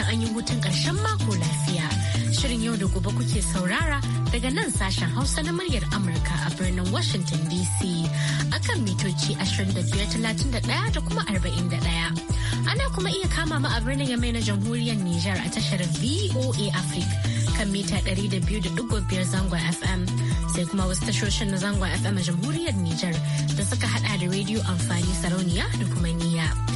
fatan an yi hutun ƙarshen mako lafiya. Shirin yau da gobe kuke saurara daga nan sashen Hausa na muryar Amurka a birnin Washington DC akan mitoci 2531 da kuma 41. Ana kuma iya kama ma a birnin Yamai na jamhuriyar Nijar a tashar VOA Africa kan mita 200.5 zangon FM sai kuma wasu tashoshin na zangon FM a jamhuriyar Nijar da suka hada da rediyo amfani sarauniya da kuma niyya.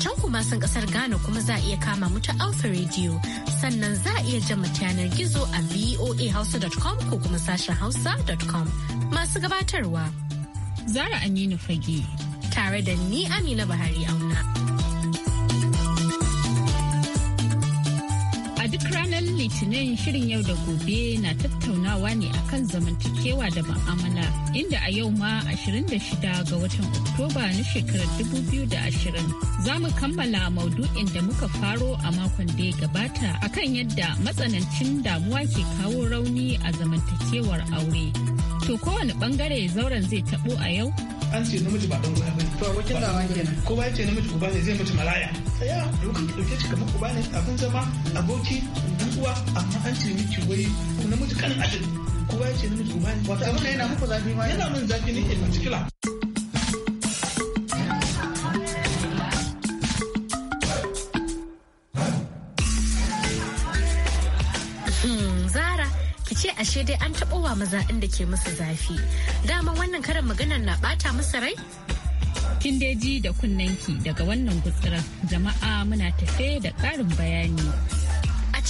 can kuma sun kasar Ghana kuma za a iya kama mu ta Alpha Radio. Sannan za a iya jan ta yanar gizo a voahausa.com ko kuma sashen hausa.com. Masu gabatarwa. Zara Aminu Fage. Tare da ni Amina Bahari Auna. A duk Litinin shirin yau da gobe na tattaunawa ne akan zamantakewa da ma'amala inda a yau ma 26 ga watan Oktoba na shekarar 2020 za mu kammala maudu'in da muka faro a makon da ya gabata akan yadda matsanancin damuwa ke kawo rauni a zamantakewar aure. To kowane bangare zauren zai tabo a yau? An ce namiji ba dan uwa bane. To abokin da kenan. Kowa ya ce namiji ku ne zai mutu malaya. Tsaya, lokacin da kake abin zama aboki mutuwa amma an ce miki wai namiji kan adin kowa ya ce namiji uba ne wata abin yana muku zafi ma yana min zafi ne in particular hmm, ce ashe dai an taɓo wa maza inda ke musu zafi dama wannan karin maganar na ɓata musu rai kin dai ji da kunnanki daga wannan gutsiran jama'a muna tafe da ƙarin bayani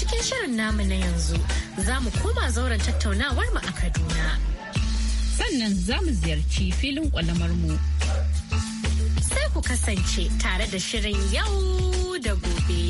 cikin shirin namu na yanzu za mu koma zauren tattaunawar mu a Kaduna. Sannan za mu ziyarci filin kwalamar mu. Sai ku kasance tare da shirin yau da gobe.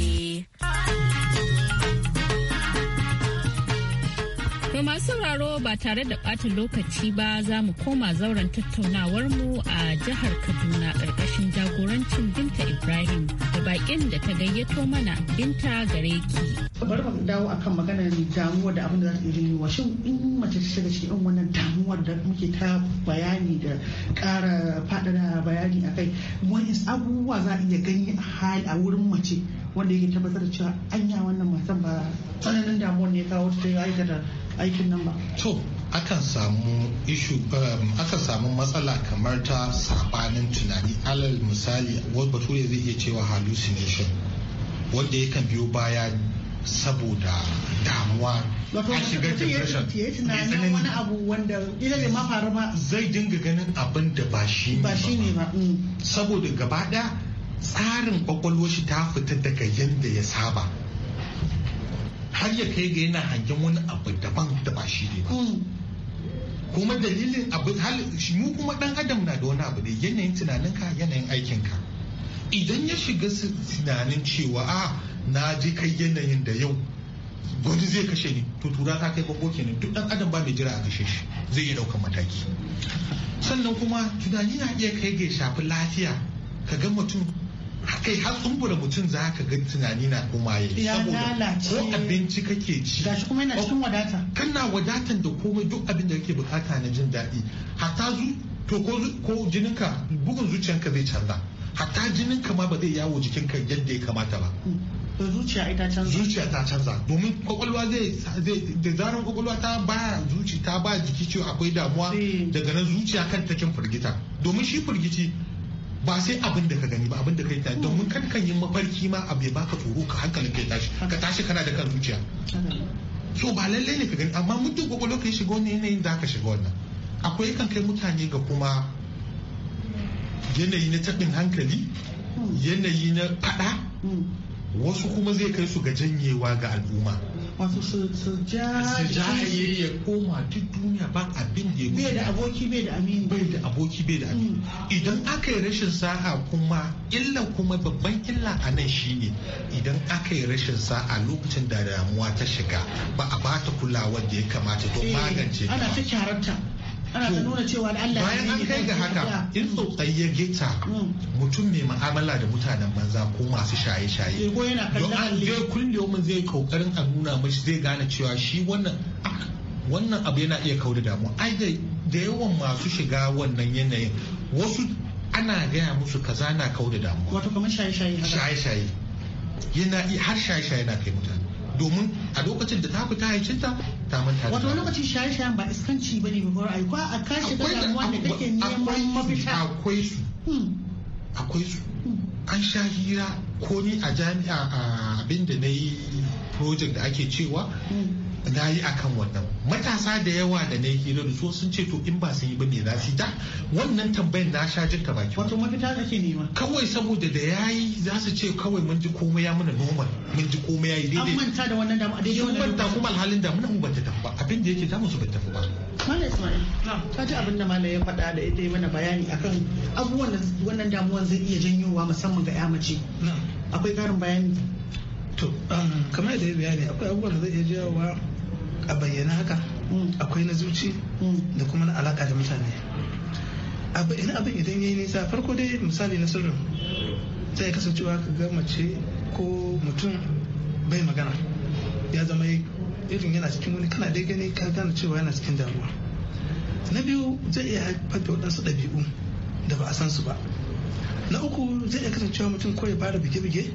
To masu sauraro ba tare da ɓata lokaci ba za mu koma zauren tattaunawar mu a jihar Kaduna ƙarƙashin jagorancin Binta Ibrahim. da bakin da ta gayyato mana binta gare ki. bari mu dawo akan maganar damuwa da abin da za ta iya wa shin in mace ta shiga cikin wannan damuwar da muke ta bayani da ƙara faɗaɗa bayani a kai wani abubuwa za a iya gani a hali a wurin mace wanda yake tabbatar da cewa anya wannan matan ba tsananin damuwar ne kawo ta aikata aikin nan ba. to akan samu ishu um, akan samu matsala kamar ta sabanin tunani alal misali bature zai iya cewa hallucination wanda yakan biyo baya saboda damuwa a shigar depression mai wani abu wanda ita ma faru ba zai dinga ganin abin da ba shi ba shi ne ba saboda gaba daya tsarin kwakwalwa shi ta fita daga yadda ya saba har ya kai ga yana hangen wani abu daban da ba shi ne ba mm. kuma dalilin abu mu kuma dan adam na da wani abu ne yanayin tunaninka yanayin aikinka idan ya shiga tunanin cewa a ah, na ji kai yanayin da yau wani zai kashe ni to tura ta kai babbo kenan duk dan adam ba mai jira a kashe shi zai yi daukan mataki sannan kuma tunani na iya kai ga shafi lafiya ka ga mutum kai har tsumbura mutum za ka ga tunani na koma ya yi saboda ko abinci kake ci shi kuma yana cikin wadata oh, kana wadatan da komai duk abin da kake bukata na jin daɗi hatta zu to ko jininka bugun zuciyanka zai canza hatta jininka ma ba zai yawo jikinka yadda ya kamata ba zuciya ita canza zuciya ta canza domin kwakwalwa zai da zarar kwakwalwa ta ba zuci ta ba jiki cewa akwai damuwa eh. daga nan zuciya kan takin firgita domin shi firgici ba sai abin da ka gani ba abin da yi tashi domin kan kan yin mafarki ma abu ya baka tsoro ka hankalin kai tashi ka tashi kana da kan zuciya so ba lallai ne ka gani amma muddin gwagwalo ka yi shiga wani yanayin da ka shiga wannan akwai kan kai mutane ga kuma yanayi na taɓin hankali yanayi na faɗa hmm. wasu kuma zai kai su ga janyewa ga al'umma wato su ya koma duk duniya ba abin da ya bai da aboki bai da amini bai da aboki bai da amini hmm. idan aka yi rashin sa'a kuma illa kuma babban illa a nan shine idan aka yi rashin sa'a lokacin da damuwa ta shiga ba a bata kulawar da ya kamata don eh, magance ta ana ta kyaranta ana ta nuna cewa da Allah bayan an kai ga haka in tsotsai ya gita mm. mutum mai ma'amala da mutanen banza ko masu shaye-shaye don an je kullum zai kokarin a nuna mashi zai gane cewa shi wannan wannan abu yana iya kawo da damuwa ai da yawan masu shiga wannan yanayin wasu ana gaya musu kaza na kawo da damuwa wato kamar shaye-shaye shaye-shaye yana har shaye-shaye na kai mutane domin a lokacin da ta fita haicinta ta manta wato lokacin shaye-shayen ba iskanci ba ne ba ra'ayi ko a kashe ta damuwa da kake neman mafita akwai su hmm. akwai su hmm. an sha hira ko ni a jami'a abinda na yi project da ake cewa hmm. na yi akan wannan matasa da yawa da na hira da so sun ce to in ba sun yi ba ne za su ta wannan tambayan na sha jinta baki wato mafita kake nema kawai saboda da ya yi za su ce kawai mun ji komai ya muna normal mun ji komai ya yi daidai an manta da wannan damu a daidai wannan manta kuma alhalin damu mu ba ta tafi ba abin da yake ta su ba tafi ba Malam Ismail ka ji abin da ya faɗa da ita yi mana bayani akan abubuwan da wannan zai iya janyowa musamman ga ya mace akwai karin bayani to um, kamar da ya bayani akwai abubuwan da zai iya jawowa a bayyana haka mm. akwai na zuci mm. da kuma na alaka da mutane abu ina abin idan ya yi nisa farko dai misali na sirrin zai kasancewa ka ga mace ko mutum bai magana ya zama irin yana cikin wani kana dai gani ka gane cewa yana cikin damuwa na biyu zai iya haifar da waɗansu ɗabi'u da ba a san su ba na uku zai iya kasancewa mutum ko ya fara bige-bige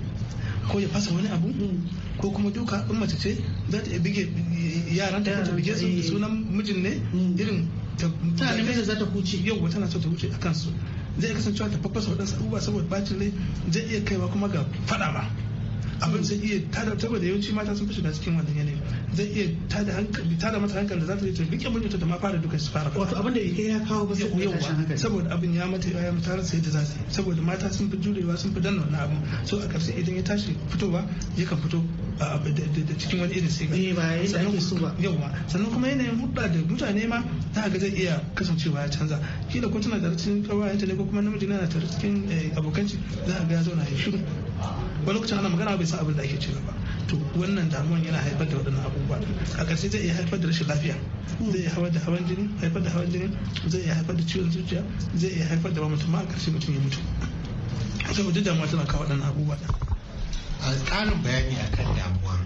ko ya fasa wani abu mm. ko kuma duka in mace ce za ta bige yaran ta ta bige su eh. sunan mijin ne mm. irin ta nemi da za ta huce yau na so ta huce a kansu zai kasancewa ta fafasa waɗansu abubuwa saboda bacin ne zai iya kaiwa kuma ga fada ba abin mm. zai iya tada saboda yawanci mata sun fi shiga cikin wannan zai iya tada hankali tada mata hankali da za ta yi ta bikin mijinta da ma fara duka su fara wato abin da yake ya kawo ba su hankali saboda abin ya mata ya mata sai yadda za su saboda mata sun fi jurewa sun fi danna wannan abin so a karshe idan ya tashi fitowa kan fito da cikin wani irin sai eh, ba sannan su ba yawa sannan kuma yanayin hudda da mutane ma za ga zai iya kasancewa ya canza kila ko tana da cikin kawai ta ne ko kuma namiji na tare cikin eh, abokan za a ga ya zauna ya shiru wani lokacin ana magana bai sa abin da ake cewa ba to wannan damuwan yana haifar da waɗannan abubuwa a ƙarshe zai iya haifar da rashin lafiya zai iya haifar da hawan jini haifar da hawan jini zai iya haifar da ciwon zuciya zai iya haifar da ba mutum a ƙarshe mutum ya mutu saboda damuwa tana kawo waɗannan abubuwa a ƙarin bayani kan damuwa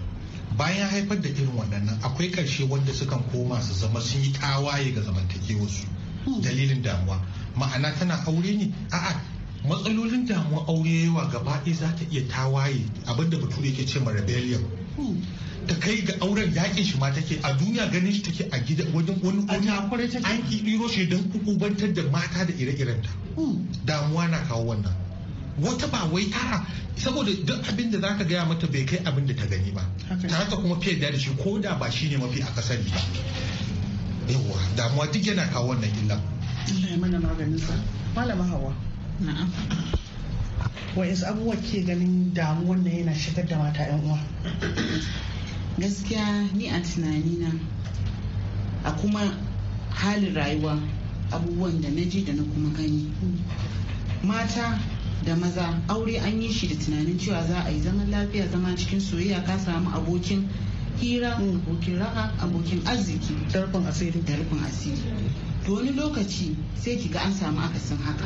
bayan haifar da irin waɗannan akwai ƙarshe wanda sukan koma su zama sun yi tawaye ga zamantakewarsu dalilin damuwa ma'ana tana aure ne a'a matsalolin damuwa aure yawa gaba ɗaya za ta iya tawaye abinda bature ke ce ma rebellion ta kai ga auren yakin shi ma take a duniya ganin shi take a gida wajen wani wani an ƙiɗiro shi don kukubantar da mata da ire-irenta hmm. damuwa na kawo wannan wata ba wai tara saboda duk abin da zaka gaya mata bai kai abin da ta gani ba ta haka kuma fiye da shi ko da ba shine mafi akasari ba yawa damuwa duk yana kawo wannan illa Allah ya mana maganin sa malama hawa na'am ke ganin damuwan nan yana shigar da mata yan uwa gaskiya ni a tunanina a kuma halin rayuwa abubuwan da na ji da na kuma gani hmm. mata da maza aure an yi shi da tunanin cewa za a yi zaman lafiya zama cikin soyayya ka samu abokin hira mm. abokin raha abokin arziki darfin asiri darfin asiri to wani lokaci sai ki ga an samu akasin haka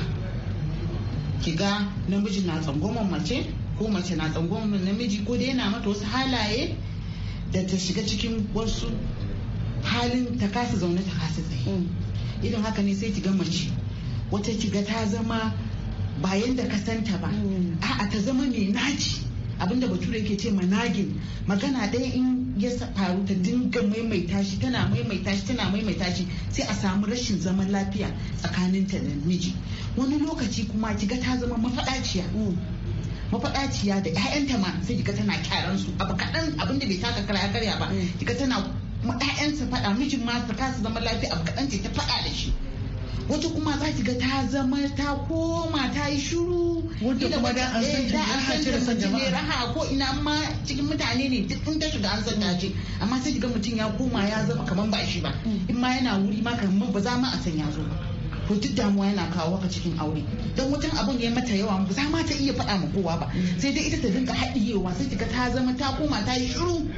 ki ga namiji na tsangwamon mace ko mace na tsangwamon namiji ko da yana mata wasu halaye da ta shiga cikin wasu halin ta kasa zaune ta kasa tsaye mm. irin haka ne sai ki ga mace wata ki ga ta zama ba yadda ka santa ba mm. a'a ta zama mai naci abinda bature ke ce managin magana ɗaya in ya faru ta dinga maimaita shi tana maimaita shi tana maimaita shi sai a samu rashin zaman lafiya tsakanin ta da miji wani lokaci kuma kiga ta zama mafaɗaciya mm. mafaɗaciya da 'ya'yanta ma sai kiga tana kyaran su abu kaɗan abinda bai taka kara karya ba mm. kiga tana ƴaƴansa faɗa mijin ma ta kasa zaman lafiya abu kaɗan ce ta faɗa da shi wata kuma za ki ga ta zama ta koma ta yi shuru wanda kuma da an san eh, da ta ne raha ko ina ma cikin mutane ne duk in ta shiga an san amma sai ga mutum ya koma ya zama kaman ba shi ba mm. in ma yana wuri ma kaman ba za ma a san ya zo ba to duk damuwa yana kawo haka cikin aure don wutan abin ya mata yawa ba za ma ta iya faɗa ma kowa ba mm. sai dai ita ta dinga haɗiyewa sai ta ga ta zama ta koma ta yi shiru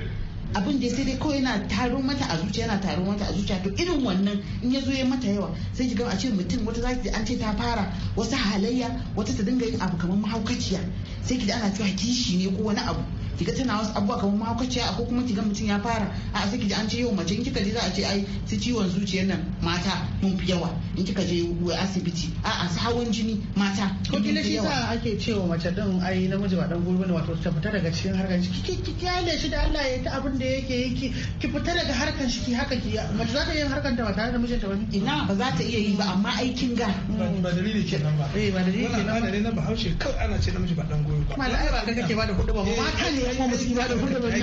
abin da sai dai kawai yana taro mata a zuciya yana taro mata a zuciya to irin wannan in ya zo ya mata yawa sai ki ga a ce mutum wata za ki an ce ta fara wasu halayya wata ta dinga yin abu kamar mahaukaciya sai ki da ana cewa kishi ne ko wani abu kiga tana wasu abubuwa kamar mahaukaciya ko kuma kiga mutum ya fara a sai kiji an ce yau mace in kika je za a ce ai su ciwon zuciyar nan mata mun fi yawa in kika je asibiti a su hawan jini mata ko kila shi sa ake cewa mace din ai namiji ba dan gurbin wato ta fita daga cikin harkar shi ki ki kyale shi da Allah ya ta abin da yake yi ki ki fita daga harkar shi ki haka ki mace za ta yi harkar ta ba tare da mijinta ba ina ba za ta iya yi ba amma aikin ga ba dalili kenan ba eh ba dalili kenan ba ba haushe kai kawai ana ce namiji ba dan gurbin ba malai ba kake ba da kuɗi ba mata ne yan uwa da hudu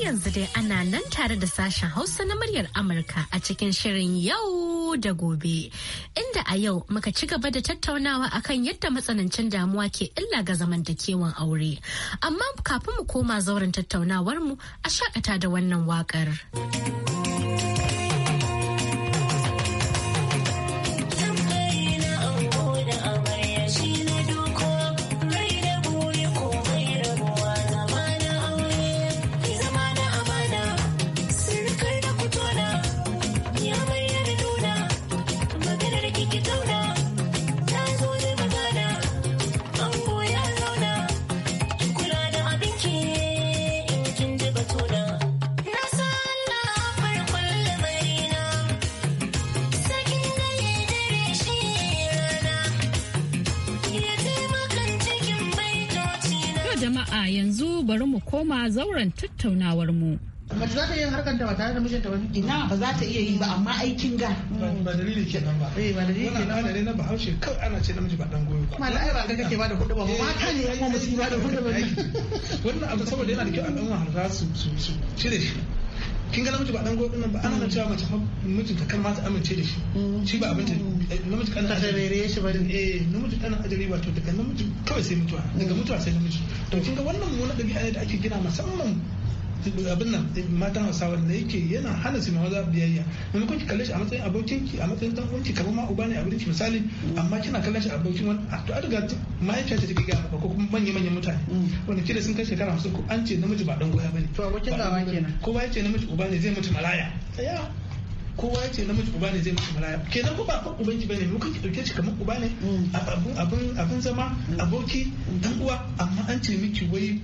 yanzu dai ana nan tare da sashen Hausa na muryar Amurka a cikin shirin yau da gobe. Inda a yau muka ci gaba da tattaunawa akan yadda matsanancin damuwa ke illa ga zamantakewan aure. Amma kafin mu koma zauren tattaunawar mu a shakata da wannan waƙar. bari mu koma zauren tattaunawar mu. mace za ta iya harkar da ba tare da mijinta wani ina ba za ta iya yi ba amma aikin ga ba da dalili ke nan ba eh ba da dalili ke nan ba na bahaushe kai ana ce namiji ba dan goyo ba mala ba ga kake ba da hudu ba eh. mata ne kuma musu ba da hudu ba wannan abu saboda yana da kyau al'umma har su su cire shi kin ga namiji ba dan gobe nan ba ana nan cewa mace mijin ta kan ma ta amince da shi shi ba abin ta eh, namiji kana ta rere shi ba din eh namiji kana ajali ba to daga namiji kawai sai mutuwa daga mutuwa sai namiji to kin ga wannan mu na dabi'a ne da ake gina musamman abin nan eh, matan yake yana hana su maza biyayya kalle shi a matsayin abokin ki a matsayin dan ma uba ne amma kina shi abokin wani to mahaifiya ce take gaya ko kuma manya manyan mutane mm. wanda sun kai shekara hamsin ko an ce namiji ba dan goya bane to abokin gawa kenan kowa ce namiji uba ne zai mutu malaya zai mutu malaya kenan ko ba fa ubanki bane mu ki dauke shi kamar uba ne mm. abun abun zama mm. aboki dan uwa amma an ce miki wai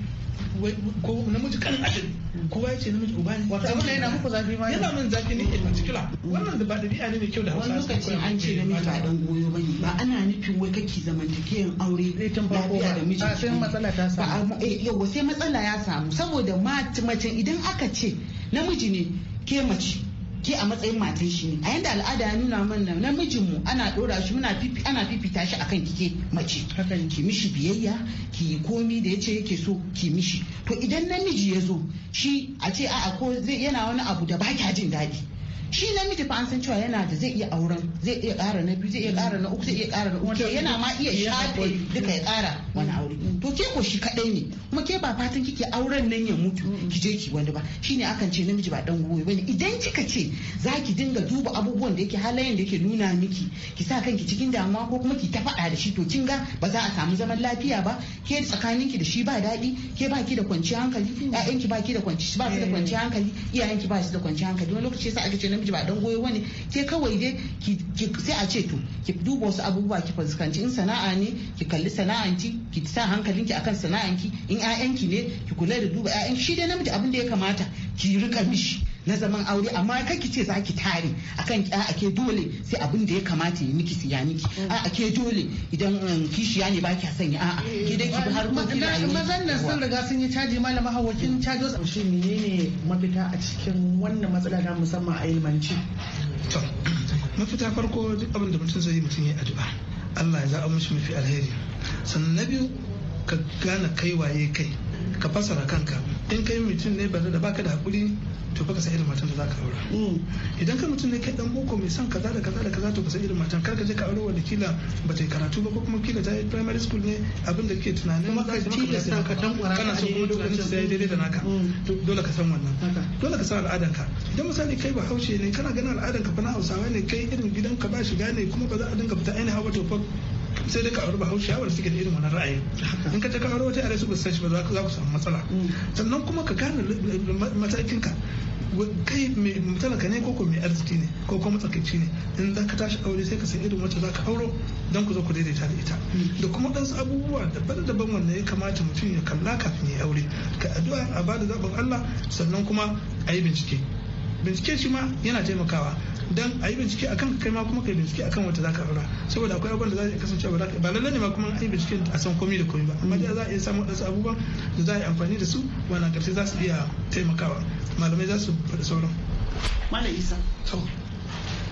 ko namiji kanin ashirin kowa ya ce namiji uba ne wata wannan yana muku zafi ma yana min zafi ne in particular wannan da ba dabi'a ne mai kyau da hausa wani lokaci an ce namiji ba dan goyo bane ba ana nufin wai kake zamantakewan aure lafiya da miji sai matsala ta samu eh, yau sai matsala ya samu saboda mace idan aka ce namiji ne ke mace ke a matsayin matan shi ne a yanda al'ada ya nuna namijin namijinmu ana dora shi muna fifi ana fifita shi akan kike mace hakan ki mishi biyayya ki komi da yace yake so ki mishi to idan namiji ya zo shi a ce a'a ko zai yana wani abu da ba kya jin daɗi shi namiji fa an san cewa yana da zai iya auren zai iya ƙara na biyu zai iya ƙara na uku zai iya ƙara na uku yana ma iya shafe duka ya ƙara wani aure to ke ko shi kaɗai ne kuma ke ba fatan kike auren nan ya mutu ki je ki wani ba shine akan ce namiji ba dan gobe bane idan kika ce za ki dinga duba abubuwan da yake halayen da yake nuna miki ki sa kanki cikin damuwa ko kuma ki ta faɗa da shi to kin ga ba za a samu zaman lafiya ba ke tsakaninki da shi ba daɗi ke baki da kwanciyar hankali ƴaƴanki baki da kwanciyar ba su da eh. kwanciyar hankali iyayenki ba su da kwanciyar hankali wani lokaci sai aka ce namiji ba dan goyo bane ke kawai dai sai a ce to ki duba wasu abubuwa ki fuskanci in sana'a ne ki kalli sana'anki ki sa hankalinki akan sana'anki in 'ya'yanki ne ki kula da duba 'ya'yan shi dai namiji abin da ya kamata ki rika mishi na zaman aure amma kake ce za ki tare akan a ake dole sai abin da ya kamata ya miki siya miki mm. a ake dole idan um, kishiya ne ba ki sanya a'a eh, ke dai ki har ma ki rayu mazan nan sun riga sun yi caji malama hawa kin cajo shi menene mafita a cikin wannan matsala da musamman a ilmanci to mafita farko duk abin da mutum zai yi mutum ya addu'a Allah ya za'a mishi mafi alheri sannan na biyu ka gane kai waye kai ka fasara kanka in kai mutum ne ba da baka da hakuri to baka san irin matan da za ka aura idan ka mutum ne kai dan boko mai son kaza da kaza da kaza to ka san irin matan kar ka je ka aure wanda kila ba ta karatu ba ko kuma kila ta yi primary school ne abin da kake tunanin kuma ka tilasta ka dan kwara kana so kuma lokacin da daidai da naka mm. dole ka san wannan dole ka san al'adan ka idan misali kai ba haushe ne kana ganin al'adan ka fa na Hausawa ne kai irin gidan ka ba shiga ne kuma ba za a dinga fita ainihin hawa to fa sai dai ka aure bahaushe wanda suke da irin wannan ra'ayin in ka ta ka aure wata yare su ba ba za ku samu matsala mm. sannan kuma ka gane matakin ka kai mai ka ne koko mai arziki ne ko kuma matsakaici ne in za ka tashi aure sai ka san irin wata za ka auro don ku zo ku daidaita da ita mm. da kuma ɗansu abubuwa daban-daban wanda ya kamata mutum ya kalla kafin ya aure ka addu'a a bada zaɓin Allah sannan kuma a yi bincike bincike shi ma yana taimakawa dan a yi bincike akan kai ma kuma kai bincike akan wata zaka aura saboda akwai abubuwan da za iya kasance ba ba lalle ne ma kuma a yi bincike a san komai da komai ba amma dai za a iya samun wasu abubuwan da za a yi amfani da su wannan karshe za su iya taimakawa malamai za su faɗi sauran malam isa to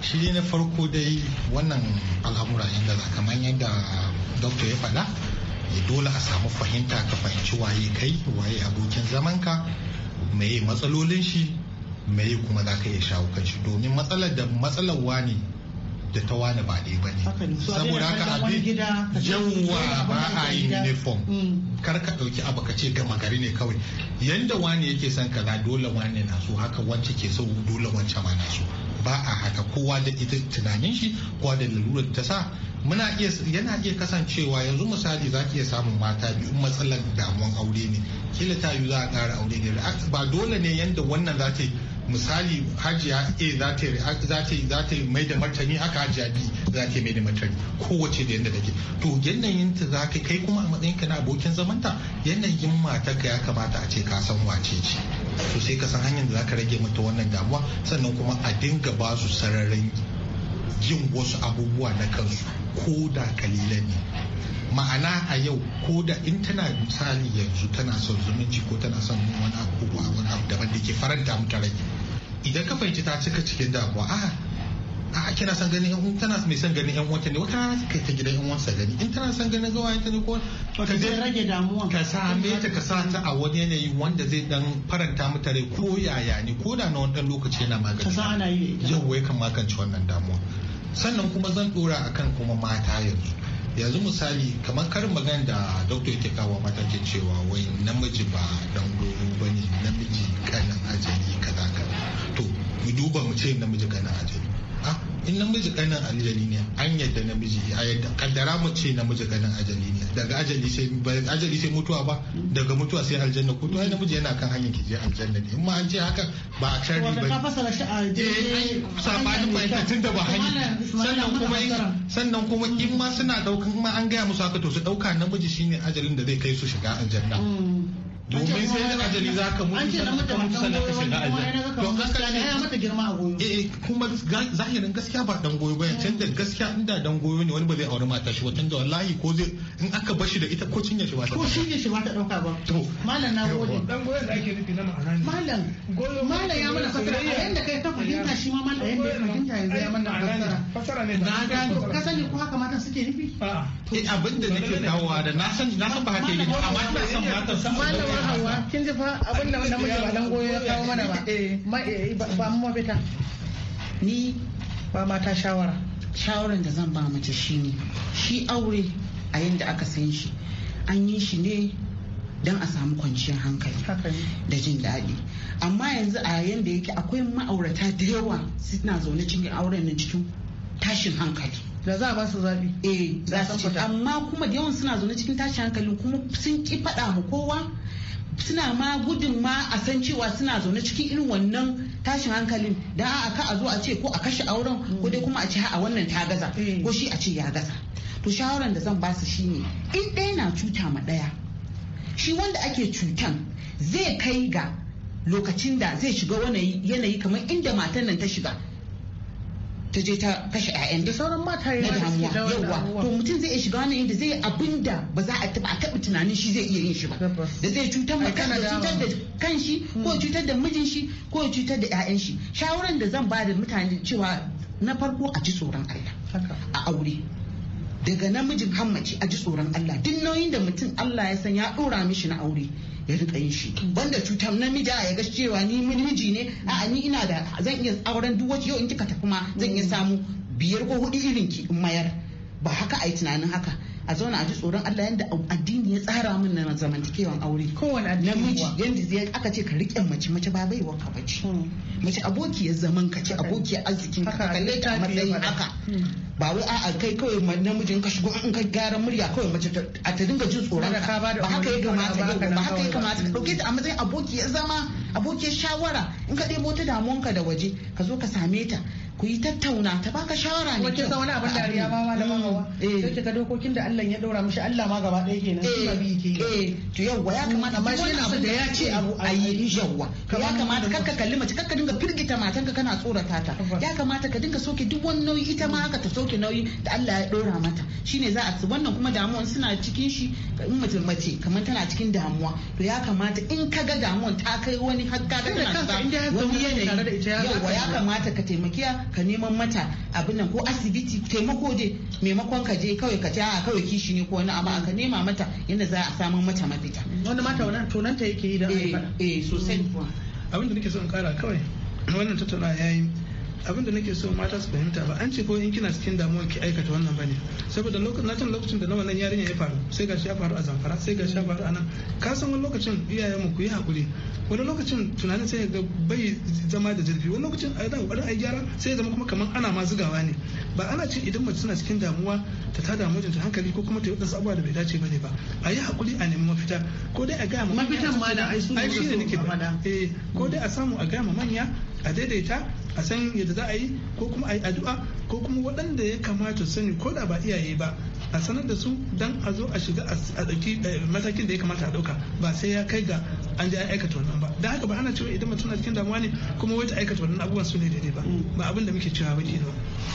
shi na farko dai wannan al'amura inda za kamar da doktor ya faɗa dole a samu fahimta ka fahimci waye kai waye abokin zamanka mai matsalolin shi Mai kuma za ka iya shawo kan shi domin matsalar da matsalar wani da ta wani ba ɗaya ba ne saboda haka abin yawwa ba a yi uniform mm. kar ka ɗauki abu ka ce gama gari ne kawai yanda wani yake son kaza dole wani na so haka wance ke so dole wance ma na so ba a haka kowa da ita tunanin shi kowa da lalurar ta sa muna iya yana iya kasancewa yanzu misali za ki iya samun mata biyu matsalar damuwan aure ne kila ta yiwu za a ƙara aure ne ba dole ne yanda wannan za ta yi misali hajiya a za ta yi za ta yi mai da martani aka hajiya b za ta yi mai da martani kowace da yadda take to yanayin ta za ka kai kuma a matsayin ka na abokin zamanta yanayin matarka ya kamata a ce ka san wace ce to sai ka san hanyar da za ka rage mata wannan damuwa sannan kuma a dinga ba su sararin yin wasu abubuwa na kansu ko da kalilan ne ma'ana a yau ko da in tana misali yanzu tana son zumunci ko tana son wani abu wani abu daban da ke faranta mutane rage idan ka fahimci ta cika cikin damuwa a a kina son ganin yan tana mai son ganin yan uwanta ne wata rana kai ta gidan yan uwansa gani in tana son ganin gawa ta ne ko ta je rage damuwa ka me ta ka sa ta a wani yanayi wanda zai dan faranta mata rai ko yaya ne ko da na wani dan lokaci yana magani ka sa ana yi yau wai kan magance wannan damuwa sannan kuma zan dora akan kuma mata yanzu yanzu misali kamar karin magana da dokta yake kawo mata ke cewa wai namiji ba dan goyo ba ne namiji kanin ajali kaza kaza to mu duba mu ce namiji kanin ajali in namiji kanin ajali ne an yadda namiji a yadda kaddara mu ce namiji kanin ajali ne daga ajali sai ajali sai mutuwa ba daga mutuwa sai aljanna ko to ai namiji yana kan hanyar kije aljanna ne amma an ce haka ba a tsari ba ka fasara shi a eh sabanin fahimta tunda ba hanya sannan kuma sannan kuma in ma suna daukan ma an gaya musu haka to su dauka namiji shine ajalin da zai kai su shiga aljanna mm. ajali za ka mutu za ka mutu sannan ka shiga ajali to haka ne ya mata girma a goyo eh, eh kuma zahirin gaskiya ba dan goyo ba can da gaskiya inda dan goyo ne wani ba zai aure mata shi watan da wallahi ko zai in aka bar shi da ita ko cinye shi ba ko cinye shi ba ta dauka ba to mallan na gode dan goyo da ake nufi na ma'ana ne mallan goyo mallan ya mana fasara a yanda kai ta fahimta shi ma mallan yanda ya fahimta yanzu ya mana fasara fasara ne na gano ka sani ko haka mata suke nufi a'a eh, abinda nake kawowa da na sani na san ba haka yake amma ina san matan san malama hawa kin ji fa abin da wanda muke ba goyo ya kawo mana eh. Eh, ba ba mu mafita ni ba mata shawara shawaran da zan ba mace shine shi aure a yadda aka san shi an yi shi ne don a samu kwanciyar hankali da jin daɗi amma yanzu a yayin da yake akwai ma'aurata da yawa suna zaune cikin auren nan cikin tashin hankali da za a ba su zaɓi eh za su amma kuma da yawan suna zaune cikin tashin hankali kuma sun ki faɗa mu kowa suna ma gudun ma a san cewa suna zaune cikin irin wannan tashin hankalin da a ka a zo a ce ko a kashe auren ko dai kuma a ce a wannan ta gaza eh. ko shi a ce ya gaza to shawaran da zan basu shi ne in ɗaya na cuta ma ɗaya shi wanda ake cutan zai kai ga lokacin da zai shiga wani yanayi kamar inda matan nan ta shiga ta je ta kashe 'ya'yan da sauran mata da damuwa yawa to mutum zai iya shiga wani inda zai abin da ba za a taba a taba tunanin shi zai iya yin shi ba da zai cutar ma kan cutar da kan shi ko hmm. cutar da mijin shi ko cutar da 'ya'yan shi shawaran da zan ba da mutane cewa na farko a ji tsoron Allah a aure daga namijin hammaci a ji tsoron Allah duk nauyin da mutum Allah ya san ya dora mishi na aure ya rika yin shi banda cutar namiji ya ga cewa ni miji ne a'a ni ina da zan iya auren duk wacce yau in kika tafi ma zan iya samu biyar ko hudu irin ki in mayar ba haka a yi tunanin haka a zauna a ji tsoron Allah yadda addini ya tsara min na zamantakewan aure kowane addini namiji yadda aka ce ka riƙe mace mace ba bai wanka bace hmm. mace ya zaman ka ce abokiyar arzikin ka kalle ta matsayin haka hmm. ba wai a'a kai kawai namijin ka shigo in ka gyara murya kawai mace a ta dinga jin tsoron ka ba haka ya kamata ba haka ya kamata ka dauke ta a matsayin aboki ya zama aboki shawara in ka ɗebo ta damuwanka da waje ka zo ka same ta ku yi tattauna ta baka shawara ne wace zaune abin dariya ma malama hawa mm, eh. sai ka dokokin da Allah ya dora mishi Allah ma gaba ɗaya kenan kuma eh, bi ke eh to yawa ya kamata ma shi na da ya ce abu a yi yawa ya kamata kakka kalli mace kakka dinga firgita matanka kana tsorata ta ya kamata ka dinga soke duk wani nauyi ita ma haka ta soke nauyi da Allah ya dora mata shine za a wannan kuma damuwan suna cikin shi in mace mace kamar tana cikin damuwa to ya kamata in ka ga damuwan ta kai wani hakka da kanka wani yanayi ya kamata ka taimaki ka neman mata abin nan ko asibiti taimako dai maimakon ka je kawai ka ta kawai kishi ne ko wani amma ka nema mata yadda za a samu mata mafita wani mata wannan tonanta yake yi da eh, eh sosai abin da nake son kara kawai wannan tattauna yayi abinda nake so mata su fahimta ba an ce ko in kina cikin damuwa ki aikata wannan bane saboda na can lokacin da na wannan yarinya ya faru sai gashi ya faru a zamfara sai gashi ya faru a nan ka san wani lokacin iyayen mu ku yi hakuri wani lokacin tunanin sai ga bai zama da zurfi wani lokacin a da kokarin ai gyara sai ya zama kuma kamar ana ma zugawa ne ba ana ce idan mace suna cikin damuwa ta ta damu ta hankali ko kuma ta yi wasu abubuwa da bai dace bane ba a yi hakuri a nemi mafita ko dai a gaya ma mafitan ma da ai sun ne eh, ko dai a samu a gaya ma manya a daidaita a san yadda za a yi ko kuma a yi addu'a ko kuma waɗanda ya kamata sani ko da ba iyaye ba a sanar da su don a zo a shiga a ɗauki eh, matakin da ya kamata a ɗauka ba sai ya kai ga an ji an aikata wannan ba da haka ba ana cewa idan mutum na cikin damuwa ne kuma wata aikata wannan abubuwan su ne daidai ba mm. ba abin da muke cewa ba ke ba.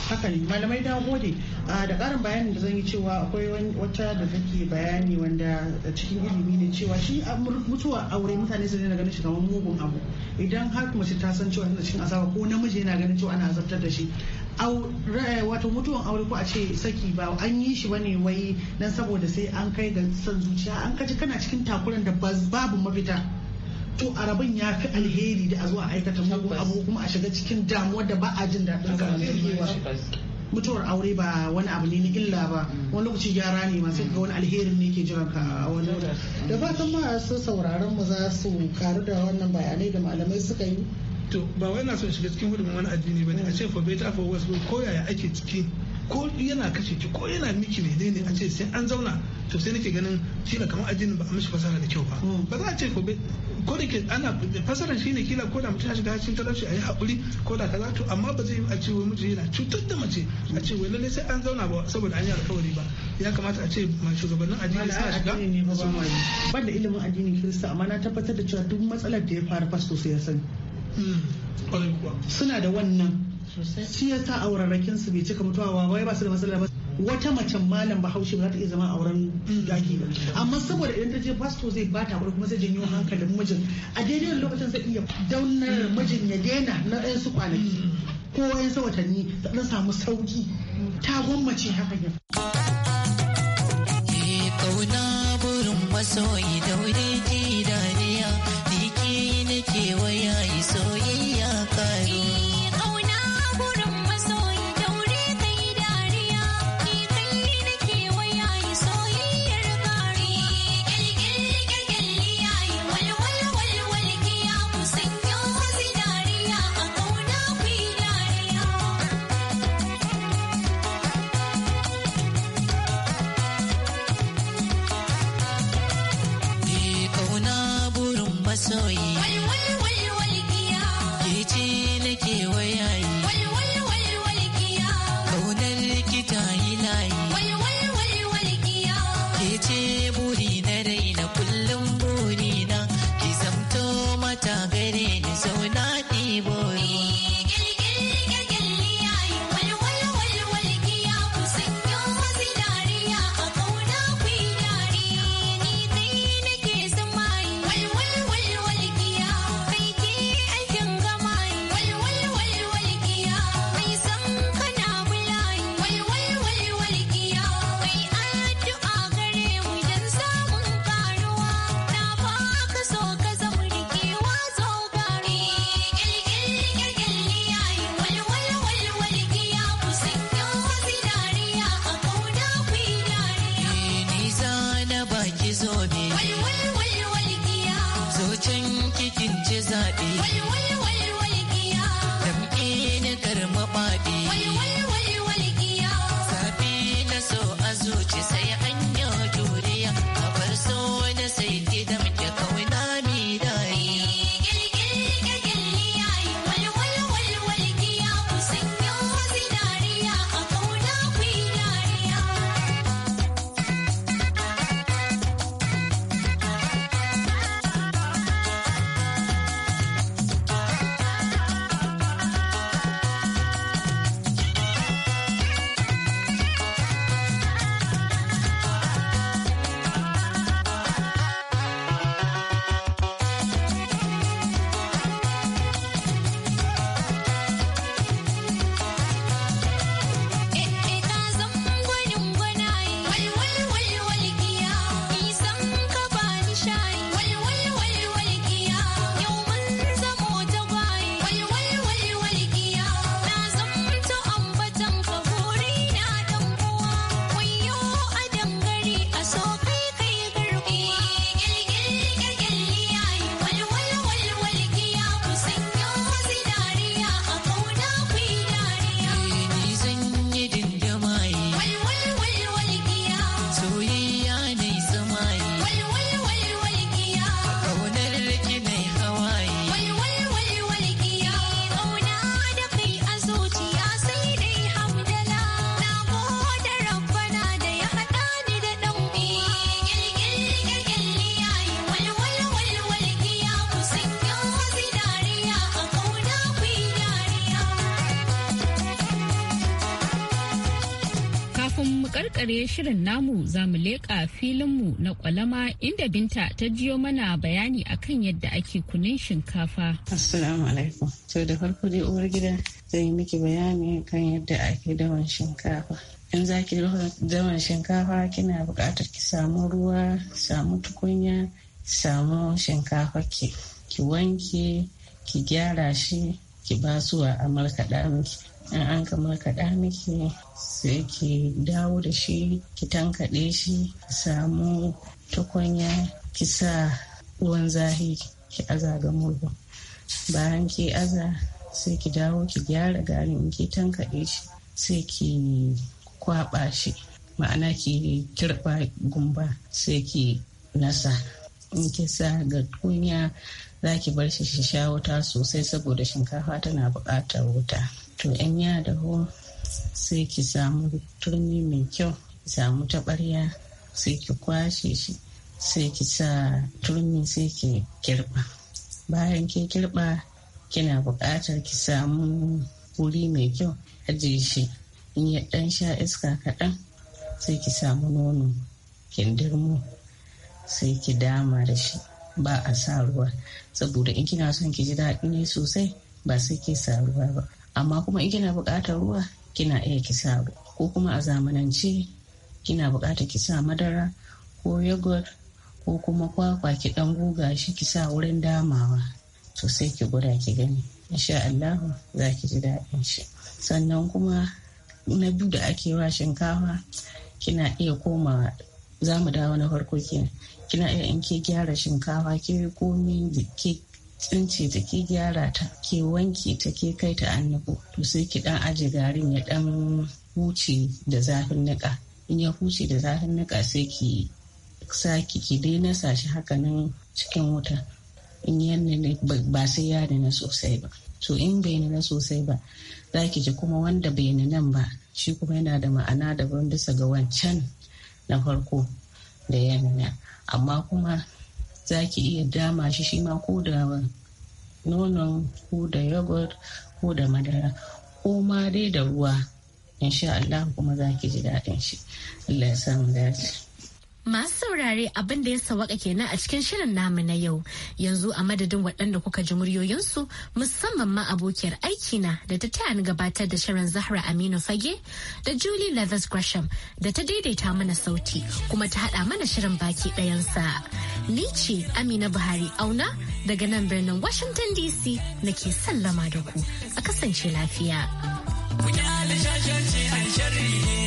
haka ne malamai na gode da karin bayanin da zan yi cewa akwai wata da take bayani wanda cikin ilimi ne cewa shi mutuwa aure mutane su ne ganin shi kamar mugun abu idan har mace ta san cewa tana cikin asaba ko namiji yana ganin cewa ana azabtar da shi Eh, wato mutuwan aure ko a ce saki ba an yi shi bane wai dan saboda sai an kai ga son zuciya an kaji kana cikin takuran da babu mafita to a ya fi alheri da a zuwa aikata mugun abu kuma a shiga cikin damuwa da ba a jin daɗin karantarwa mutuwar aure ba wani abu ne ni illa ba mm. wani lokaci gyara ne masu ga wani alherin ne ke jiran ka wani da fatan masu sauraron mu za su karu da wannan bayanai da malamai suka yi to ba wai na son shiga cikin hudumin wani addini bane a ce for better for worse ko yaya ake ciki ko yana kashe ki ko yana miki ne ne a ce sai an zauna to sai nake ganin kila kamar addinin ba a mishi fasara da kyau ba hmm. ba za a ce ko ko da ke ana fasaran shine kila ko da mutum ya shiga cikin talauci a yi hakuri ko da kaza to amma ba zai yi a ce wai miji yana cutar da mace a ce wai lalle sai an zauna ba saboda an yi alkawari ba ya kamata a ce ma shugabannin addini suna shiga ba da ilimin addinin kirista amma na tabbatar da cewa duk matsalar da ya fara fasto sai ya sani suna da wannan shi ya sa aurarrakin su bai cika mutuwa wai ba su da matsala ba wata macen malam bahaushe ba za ta iya zama auren daki ba amma saboda idan ta je basto zai bata wuri kuma zai janyo da mijin a daidai lokacin zai iya daunar mijin ya daina na ɗayan su kwanaki ko wayan sa watanni ta ɗan samu sauki ta gwammace haka ya. Eh, kauna burin masoyi daure tsare shirin namu za mu leƙa filinmu na kwalama inda binta ta jiyo mana bayani akan yadda ake kunin shinkafa. Assalamu alaikum. To da farko dai uwar gida zan yi miki bayani kan yadda ake dawan shinkafa. In za ki dawan shinkafa kina buƙatar ki samu ruwa, samu tukunya, samu shinkafa ki. Ki wanke, ki gyara shi, ki ba su a markaɗa miki. in an ka markaɗa miki sai ki dawo da shi ki tankaɗe shi ki samu tukunya ki sa ruwan zahi ki aza ga murhu bayan ki aza sai ki dawo ki gyara garin ki tankaɗe shi sai ki kwaɓa shi ma'ana ki kirɓa gumba sai ki nasa in ki sa ga tukunya za ki bar shi shi sha wuta sosai saboda shinkafa tana buƙatar wuta to in ya dahu sai ki samu turmi mai kyau ki samu taɓarya sai ki kwashe shi sai ki sa turmi sai ki kirɓa bayan ki kirɓa kina buƙatar ki samu wuri mai kyau ajiye shi in ya ɗan sha iska kaɗan sai ki samu nono kindirmo sai ki dama da shi ba a sa ruwa saboda in kina son ki ji daɗi ne sosai ba sai ki sa ruwa ba amma kuma in kina buƙatar ruwa kina iya ki sa ko kuma a zamanance kina buƙatar ki sa madara ko yogurt ko kuma kwakwa ki ɗan guga shi ki sa wurin damawa sosai ki gwada ki gani insha Allah za ki ji daɗin shi sannan kuma na biyu da ake wa shinkafa kina iya komawa za mu dawo na farko kenan kina iya in ke gyara shinkafa ke komi da ke tsince ta ke gyara ta ke wanke ta ke kai ta annabu? to sai ki dan aje garin ya dan huce da zafin niƙa in ya huce da zafin niƙa sai ki saki ki dai nasa shi haka nan cikin wuta in yanne ba sai ya nuna sosai ba to in bai na sosai ba za ki ji kuma wanda bai nan ba shi kuma yana da ma'ana daban bisa ga wancan na farko da ya amma kuma za ki iya dama shi shi ma ko da nonon ko da yogurt ko da madara ko ma dai da ruwa insha Allah kuma za ki ji daɗin shi Allah ya samu dace Masu saurare abin da ya sawaka kenan a cikin shirin namu na yau. Yanzu a madadin waɗanda kuka ji muryoyinsu musamman ma abokiyar aikina da ta taya ni gabatar da shirin Zahra Aminu Fage da Julie Leathers Gresham da ta daidaita mana sauti kuma ta haɗa mana shirin baki ɗayansa. Ni ce Amina Buhari Auna daga nan birnin Washington DC nake sallama da ku a kasance lafiya. alishashen ce